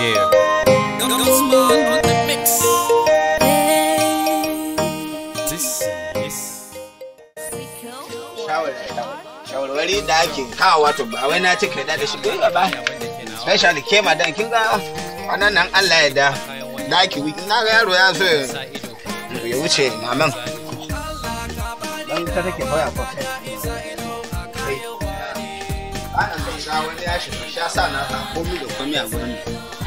Yeah. shawarwari da ake kawo wato ba wai na cika da shi ba special ke kin ga wannan nan Allah ya da da wiki na ga yaro ya ya wuce maman dan ta take baya ko ba an wani ya shi sha sa na komi da komi a gurin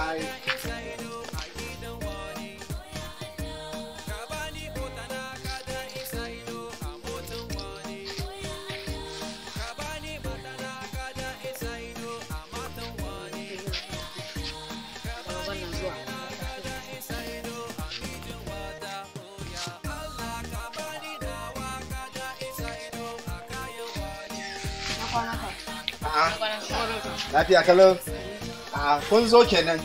Bye. Lafiya kalau a kun zo kenan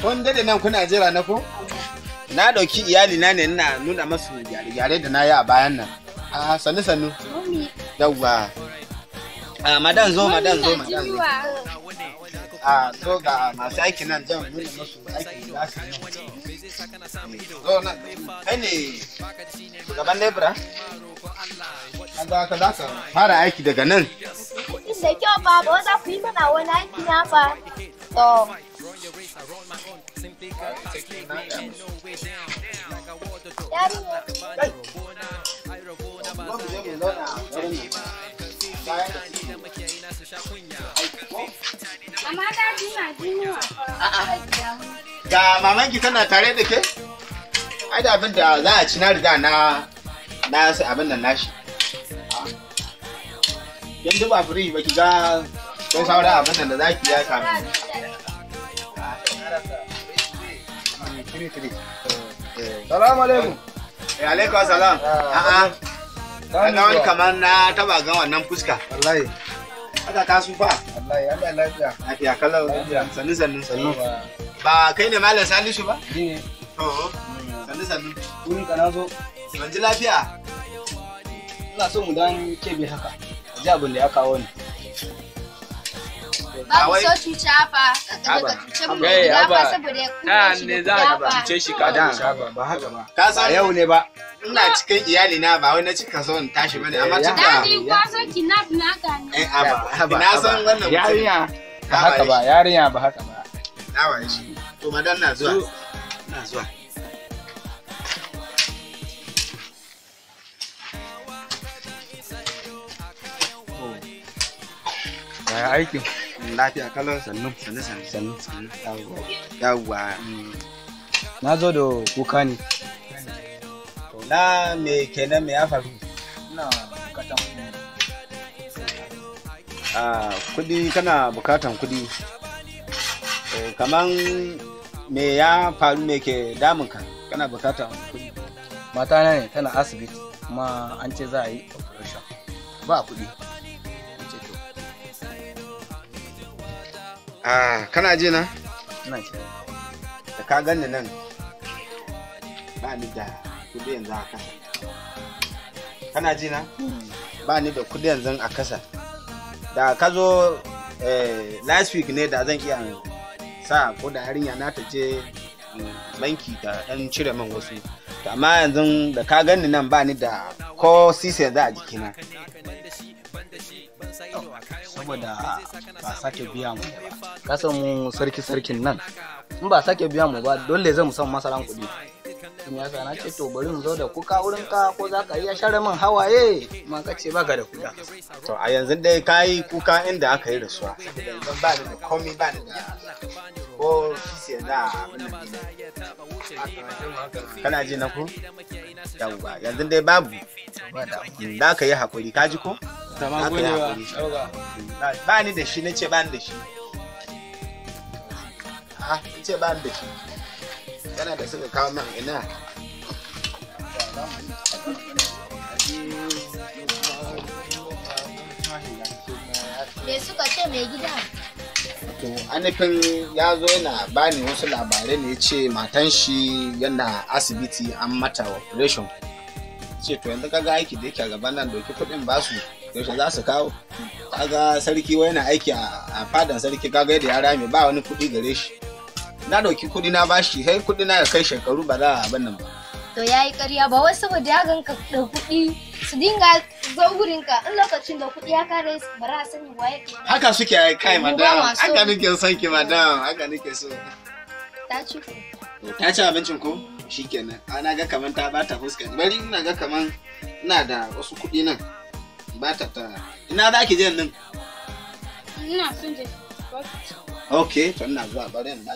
kun dade nan kuna jira na ko na dauki iyali na ne ina nuna masu gyare-gyare da na yi a bayan nan a sannu sannu yawwa a madan zo madan zo madan zo a so ga masu aiki nan zan nuna masu aiki da su zo nan kai ne gaban lebura ka za ka fara aiki daga nan da kyau ba ba za ku yi mana wani aiki na ba So. Ga mamanki tana tare da ke? Ai abin da za a ci na riga na na abin nan nashi. Yanzu ba firi ba ki ga ko saura abin da zaki ya kame salamu alaikum ya eh, alaikum salam a'a ah, ah. ah, kana wani kamar na taba ga wannan fuska wallahi aka su ba wallahi Allah lafiya lafiya kallon sannu sannu sannu ba kai ne malam salisu ba ni to sannu sannu kun kana zo ban lafiya ina so mu dan bi haka ji abin da ya kawo ni Babu so mu fa saboda ya kuma shi ne shi ba yau ne ba. Ina cikin iyali na ba wai na cika son tashi bane amma eh, cika. ka san kidnap ne. Eh aba. san Yarinya ba haka ba yarinya ba haka ba. Na aikin lafiya kalau sannu mm. na zo da kuka ne na me ya faru bukatan ah, kana bukatan kuɗi. Eh, kaman me ya faru me ke damunka kana bukatan kudi mata ne tana asibiti kuma an ce za a yi operation ba kuɗi. Ah, kana ji na? Ina ji. Da ka ganni nan. Ba ni da kudi yanzu a kasa. Kana ji na? Ba ni da kudi yanzu a kasa. Da ka zo eh, last week ne da zan iya sa ko da ya na ta je mm, banki ta dan cire man wasu. Amma yanzu da ka ganni nan ba ni da ko sisi yanzu a jikina. saboda ba sake biya mu ba kasan mu sarki sarkin nan in ba sake biya mu ba dole zan san masaran kuɗi in ya sana ce to bari mu zo da kuka wurin ka ko za ka iya share min hawaye ma ka ce ga da kuka to a yanzu dai ka yi kuka inda aka yi rasuwa yanzu ba da komai ba da ko shi da na kana ji na ku yanzu dai babu da ka yi hakuri ka ji ko Tama godewa. Ba ni da shi na ce ba ni da shi. Ha, ce ba ni da shi. Yana da suka kawo min ina. Me suka ce mai gida? To, anifin ya zo yana bani wasu labarai ne ce matan shi yana asibiti an mata operation. ce to yanzu kaga aiki da yake a gaban nan doki kuɗin basu yaushe za su kawo kaga sarki wai yana aiki a fadan sarki kaga yadda ya rame ba wani kuɗi gare shi na ɗauki kuɗi na bashi sai kuɗi na kai shekaru ba za a abin nan ba to ya yi ƙarya ba wai saboda ya ganka da kuɗi su dinga gurin ka in lokacin da kuɗi ya kare ba za a sani waye haka suke ai kai madam haka nake son ki madam haka nake so ta ci ku ta ci abincin ko shikenan ana ga kaman ta bata fuska bari ina ga kaman ina da wasu kuɗi nan ba ta ta ina da ake ina son ok to ina zuwa bari wasu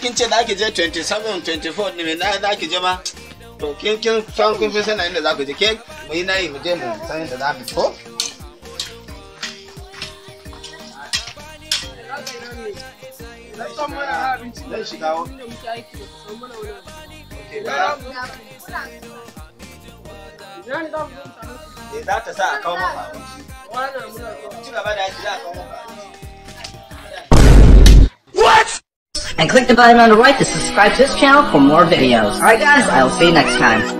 kin ce da ake je 27 Mwenye hii mjemu Sani dada misko Zan shiga wa Eh za ta What? And click the button on the right to subscribe to this channel for more videos. Alright guys, I'll see you next time.